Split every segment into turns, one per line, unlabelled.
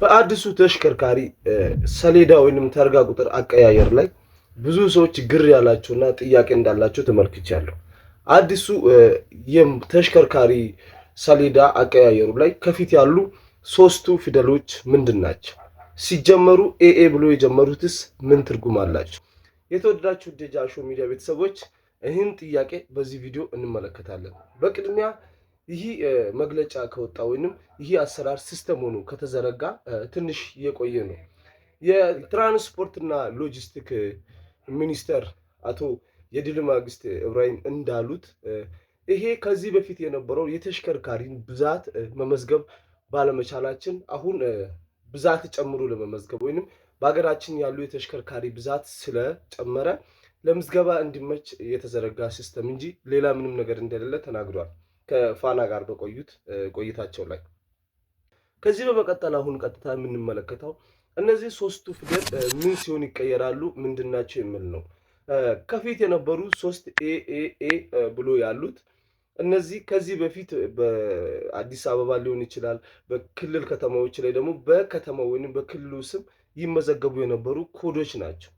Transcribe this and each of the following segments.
በአዲሱ ተሽከርካሪ ሰሌዳ ወይንም ታርጋ ቁጥር አቀያየር ላይ ብዙ ሰዎች ግር ያላቸውና ጥያቄ እንዳላቸው ተመልክቻለሁ። አዲሱ ተሽከርካሪ ሰሌዳ አቀያየሩ ላይ ከፊት ያሉ ሶስቱ ፊደሎች ምንድን ናቸው? ሲጀመሩ ኤኤ ብሎ የጀመሩትስ ምን ትርጉም አላቸው? የተወደዳችሁ ደጃሾ ሚዲያ ቤተሰቦች ይህን ጥያቄ በዚህ ቪዲዮ እንመለከታለን። በቅድሚያ ይህ መግለጫ ከወጣ ወይንም ይህ አሰራር ሲስተም ሆኖ ከተዘረጋ ትንሽ የቆየ ነው። የትራንስፖርትና ሎጂስቲክ ሚኒስተር አቶ የድል ማግስት እብራሂም እንዳሉት ይሄ ከዚህ በፊት የነበረው የተሽከርካሪን ብዛት መመዝገብ ባለመቻላችን አሁን ብዛት ጨምሮ ለመመዝገብ ወይንም በሀገራችን ያሉ የተሽከርካሪ ብዛት ስለጨመረ ለምዝገባ እንዲመች የተዘረጋ ሲስተም እንጂ ሌላ ምንም ነገር እንደሌለ ተናግሯል። ከፋና ጋር በቆዩት ቆይታቸው ላይ ከዚህ በመቀጠል አሁን ቀጥታ የምንመለከተው እነዚህ ሶስቱ ፊደል ምን ሲሆን ይቀየራሉ፣ ምንድናቸው የሚል ነው። ከፊት የነበሩ ሶስት ኤኤኤ ብሎ ያሉት እነዚህ ከዚህ በፊት በአዲስ አበባ ሊሆን ይችላል፣ በክልል ከተማዎች ላይ ደግሞ በከተማ ወይም በክልሉ ስም ይመዘገቡ የነበሩ ኮዶች ናቸው።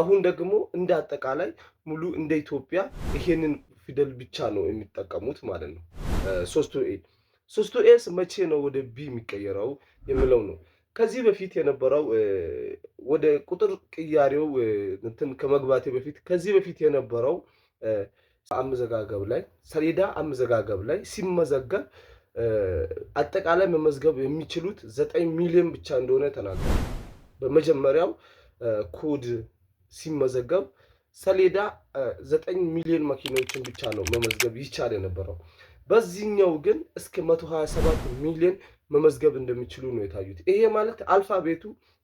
አሁን ደግሞ እንደ አጠቃላይ ሙሉ እንደ ኢትዮጵያ ይሄንን ፊደል ብቻ ነው የሚጠቀሙት ማለት ነው። ሶስቱ ኤ ሶስቱ ኤስ መቼ ነው ወደ ቢ የሚቀየረው የሚለው ነው። ከዚህ በፊት የነበረው ወደ ቁጥር ቅያሬው እንትን ከመግባቴ በፊት ከዚህ በፊት የነበረው አመዘጋገብ ላይ ሰሌዳ አመዘጋገብ ላይ ሲመዘገብ አጠቃላይ መመዝገብ የሚችሉት ዘጠኝ ሚሊዮን ብቻ እንደሆነ ተናገሩ። በመጀመሪያው ኮድ ሲመዘገብ ሰሌዳ ዘጠኝ ሚሊዮን መኪናዎችን ብቻ ነው መመዝገብ ይቻል የነበረው። በዚህኛው ግን እስከ 127 ሚሊዮን መመዝገብ እንደሚችሉ ነው የታዩት። ይሄ ማለት አልፋቤቱ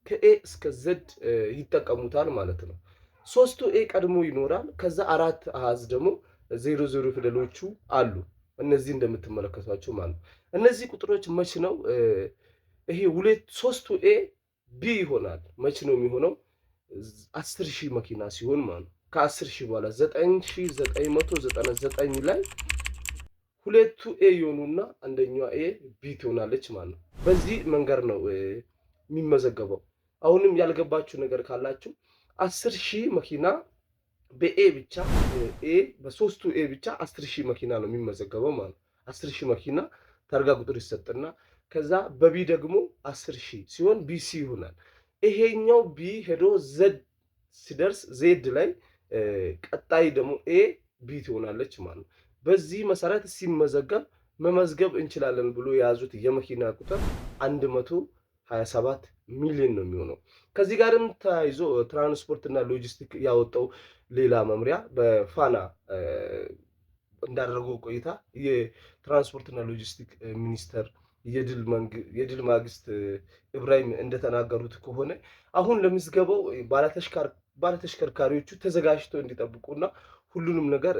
ከኤ እስከ ዘድ ይጠቀሙታል ማለት ነው። ሶስቱ ኤ ቀድሞ ይኖራል። ከዛ አራት አሃዝ ደግሞ ዜሮ ዜሮ ፊደሎቹ አሉ። እነዚህ እንደምትመለከቷቸው ማለት ነው። እነዚህ ቁጥሮች መች ነው ይሄ ሁለት ሶስቱ ኤ ቢ ይሆናል። መች ነው የሚሆነው? አስር ሺህ መኪና ሲሆን ማለት ነው። ከአስር ሺህ በኋላ ዘጠኝ ሺህ ዘጠኝ መቶ ዘጠና ዘጠኝ ላይ ሁለቱ ኤ የሆኑና አንደኛዋ ኤ ቢ ትሆናለች ማለት ነው። በዚህ መንገድ ነው የሚመዘገበው። አሁንም ያልገባችሁ ነገር ካላችሁ አስር ሺህ መኪና በኤ ብቻ ኤ በሶስቱ ኤ ብቻ አስር ሺህ መኪና ነው የሚመዘገበው ማለት ነው። አስር ሺህ መኪና ታርጋ ቁጥር ይሰጥና ከዛ በቢ ደግሞ አስር ሺህ ሲሆን ቢሲ ይሆናል። ይሄኛው ቢ ሄዶ ዘድ ሲደርስ ዜድ ላይ ቀጣይ ደግሞ ኤ ቢ ትሆናለች ማለት ነው። በዚህ መሰረት ሲመዘገብ መመዝገብ እንችላለን ብሎ የያዙት የመኪና ቁጥር 127 ሚሊዮን ነው የሚሆነው። ከዚህ ጋርም ተያይዞ ትራንስፖርትና ሎጂስቲክ ያወጣው ሌላ መምሪያ በፋና እንዳደረገው ቆይታ የትራንስፖርትና ሎጂስቲክ ሚኒስተር የድል ማግስት እብራሂም እንደተናገሩት ከሆነ አሁን ለምዝገባው ባለተሽከርካሪዎቹ ተዘጋጅቶ እንዲጠብቁና ሁሉንም ነገር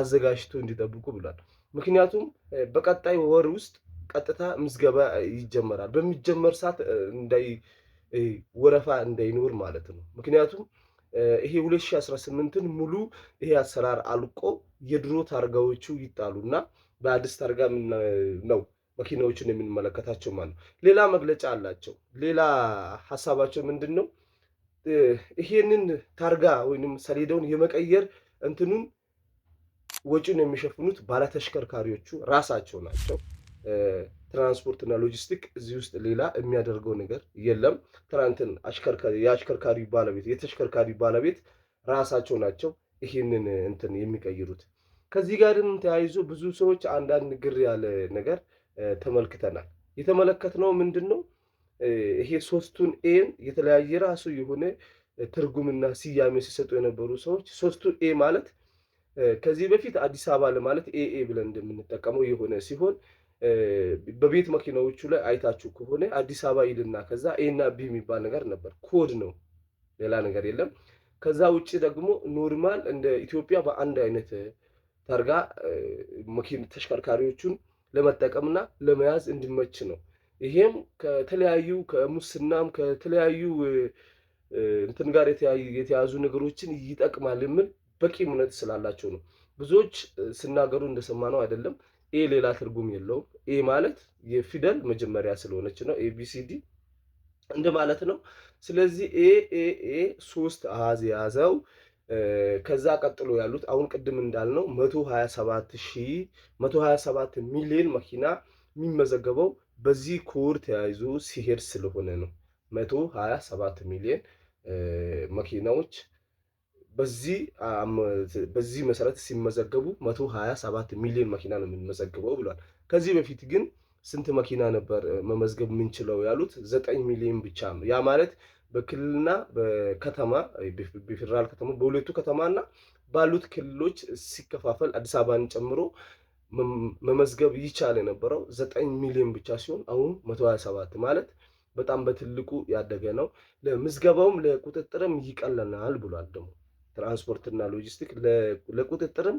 አዘጋጅቶ እንዲጠብቁ ብሏል። ምክንያቱም በቀጣይ ወር ውስጥ ቀጥታ ምዝገባ ይጀመራል። በሚጀመር ሰዓት እንዳይ ወረፋ እንዳይኖር ማለት ነው። ምክንያቱም ይሄ 2018ን ሙሉ ይሄ አሰራር አልቆ የድሮ ታርጋዎቹ ይጣሉና በአዲስ ታርጋ ነው መኪናዎችን የምንመለከታቸው ማለት ነው። ሌላ መግለጫ አላቸው። ሌላ ሀሳባቸው ምንድን ነው? ይሄንን ታርጋ ወይም ሰሌዳውን የመቀየር እንትኑን ወጪን የሚሸፍኑት ባለተሽከርካሪዎቹ ራሳቸው ናቸው። ትራንስፖርትና ሎጂስቲክ እዚህ ውስጥ ሌላ የሚያደርገው ነገር የለም። ትናንትን የአሽከርካሪ ባለቤት የተሽከርካሪ ባለቤት ራሳቸው ናቸው ይህንን እንትን የሚቀይሩት። ከዚህ ጋርም ተያይዞ ብዙ ሰዎች አንዳንድ ግር ያለ ነገር ተመልክተናል። የተመለከትነው ምንድን ነው? ይሄ ሶስቱን ኤን የተለያየ ራሱ የሆነ ትርጉምና ስያሜ ሲሰጡ የነበሩ ሰዎች ሶስቱ ኤ ማለት ከዚህ በፊት አዲስ አበባ ለማለት ኤኤ ብለን እንደምንጠቀመው የሆነ ሲሆን በቤት መኪናዎቹ ላይ አይታችሁ ከሆነ አዲስ አበባ ይልና ከዛ ኤና ቢ የሚባል ነገር ነበር። ኮድ ነው፣ ሌላ ነገር የለም። ከዛ ውጭ ደግሞ ኖርማል እንደ ኢትዮጵያ በአንድ አይነት ታርጋ መኪና ተሽከርካሪዎቹን ለመጠቀምና ለመያዝ እንዲመች ነው። ይሄም ከተለያዩ ከሙስናም ከተለያዩ እንትን ጋር የተያዙ ነገሮችን ይጠቅማል የምል በቂ እምነት ስላላቸው ነው። ብዙዎች ስናገሩ እንደሰማነው አይደለም። ኤ ሌላ ትርጉም የለውም። ኤ ማለት የፊደል መጀመሪያ ስለሆነች ነው። ኤቢሲዲ ማለት ነው። ስለዚህ ኤ ኤ ኤ ሶስት አሃዝ የያዘው ከዛ ቀጥሎ ያሉት አሁን ቅድም እንዳልነው መቶ ሀያ ሰባት ሺህ መቶ ሚሊዮን መኪና የሚመዘገበው በዚህ ኮር ተያይዞ ሲሄድ ስለሆነ ነው። መቶ ሀያ ሰባት ሚሊዮን መኪናዎች በዚህ መሰረት ሲመዘገቡ መቶ ሀያ ሰባት ሚሊዮን መኪና ነው የሚመዘግበው ብሏል። ከዚህ በፊት ግን ስንት መኪና ነበር መመዝገብ የምንችለው ያሉት ዘጠኝ ሚሊዮን ብቻ ነው ያ ማለት በክልልና በከተማ በፌዴራል ከተማ በሁለቱ ከተማና ባሉት ክልሎች ሲከፋፈል አዲስ አበባን ጨምሮ መመዝገብ ይቻል የነበረው ዘጠኝ ሚሊዮን ብቻ ሲሆን አሁን መቶ ሀያ ሰባት ማለት በጣም በትልቁ ያደገ ነው። ለምዝገባውም ለቁጥጥርም ይቀለናል ብሏል። ደግሞ ትራንስፖርትና ሎጂስቲክ ለቁጥጥርም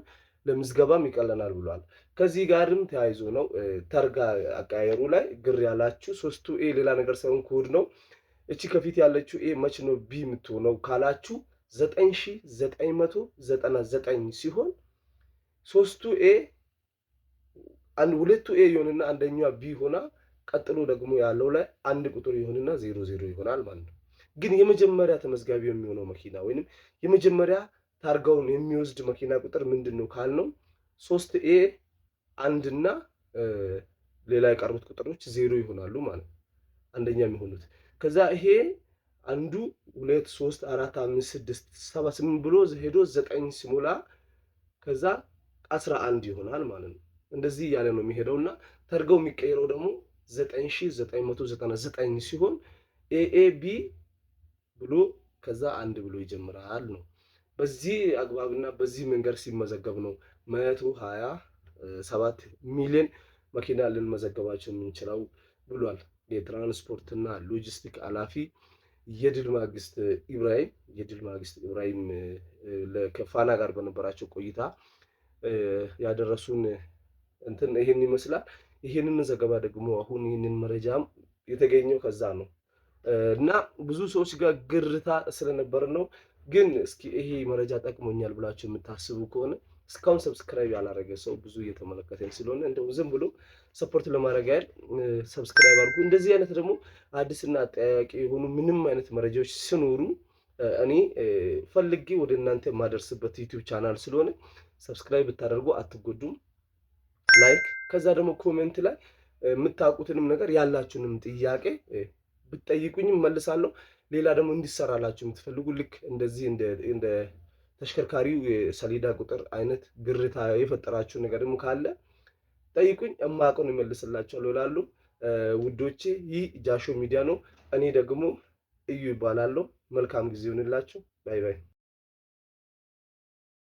ለምዝገባም ይቀለናል ብሏል። ከዚህ ጋርም ተያይዞ ነው ተርጋ አቀያየሩ ላይ ግር ያላችሁ ሶስቱ ሌላ ነገር ሳይሆን ኮድ ነው እቺ ከፊት ያለችው ኤ መች ነው ቢ የምትሆነው ካላችሁ ዘጠኝ ሺ ዘጠኝ መቶ ዘጠና ዘጠኝ ሲሆን ሶስቱ ኤ ሁለቱ ኤ ይሆንና አንደኛዋ ቢ ሆና ቀጥሎ ደግሞ ያለው ላይ አንድ ቁጥር ይሆንና ዜሮ ዜሮ ይሆናል ማለት ነው። ግን የመጀመሪያ ተመዝጋቢ የሚሆነው መኪና ወይንም የመጀመሪያ ታርጋውን የሚወስድ መኪና ቁጥር ምንድን ነው ካልነው ሶስት ኤ አንድና ሌላ የቀሩት ቁጥሮች ዜሮ ይሆናሉ ማለት ነው። አንደኛ የሚሆኑት ከዛ ይሄ አንዱ ሁለት ሶስት አራት አምስት ስድስት ሰባ ስምንት ብሎ ሄዶ ዘጠኝ ሲሞላ ከዛ አስራ አንድ ይሆናል ማለት ነው። እንደዚህ እያለ ነው የሚሄደው እና ተርገው የሚቀይረው ደግሞ ዘጠኝ ሺ ዘጠኝ መቶ ዘጠና ዘጠኝ ሲሆን ኤኤቢ ብሎ ከዛ አንድ ብሎ ይጀምራል ነው። በዚህ አግባብና በዚህ መንገድ ሲመዘገብ ነው መቶ ሀያ ሰባት ሚሊዮን መኪና ልንመዘገባቸው የምንችለው ብሏል። የትራንስፖርትና ሎጂስቲክ ኃላፊ የድል ማግስት ኢብራሂም የድል ማግስት ኢብራሂም ከፋና ጋር በነበራቸው ቆይታ ያደረሱን እንትን ይህን ይመስላል። ይህንን ዘገባ ደግሞ አሁን ይህንን መረጃም የተገኘው ከዛ ነው እና ብዙ ሰዎች ጋር ግርታ ስለነበር ነው። ግን እስኪ ይሄ መረጃ ጠቅሞኛል ብላችሁ የምታስቡ ከሆነ እስካሁን ሰብስክራይብ ያላረገ ሰው ብዙ እየተመለከተኝ ስለሆነ እንደው ዝም ብሎ ሰፖርት ለማድረግ ያህል ሰብስክራይብ አድርጉ። እንደዚህ አይነት ደግሞ አዲስና አጠያያቂ የሆኑ ምንም አይነት መረጃዎች ሲኖሩ እኔ ፈልጌ ወደ እናንተ የማደርስበት ዩቲዩብ ቻናል ስለሆነ ሰብስክራይብ ብታደርጉ አትጎዱም። ላይክ፣ ከዛ ደግሞ ኮሜንት ላይ የምታውቁትንም ነገር ያላችሁንም ጥያቄ ብትጠይቁኝም መልሳለሁ። ሌላ ደግሞ እንዲሰራላችሁ የምትፈልጉ ልክ እንደዚህ እንደ ተሽከርካሪው የሰሌዳ ቁጥር አይነት ግርታ የፈጠራችሁ ነገር ደግሞ ካለ ጠይቁኝ፣ እማቀን እመልስላችኋለሁ ይላሉ። ውዶቼ ይህ ጃሾ ሚዲያ ነው። እኔ ደግሞ እዩ ይባላለሁ። መልካም ጊዜ ይሆንላችሁ። ባይ ባይ።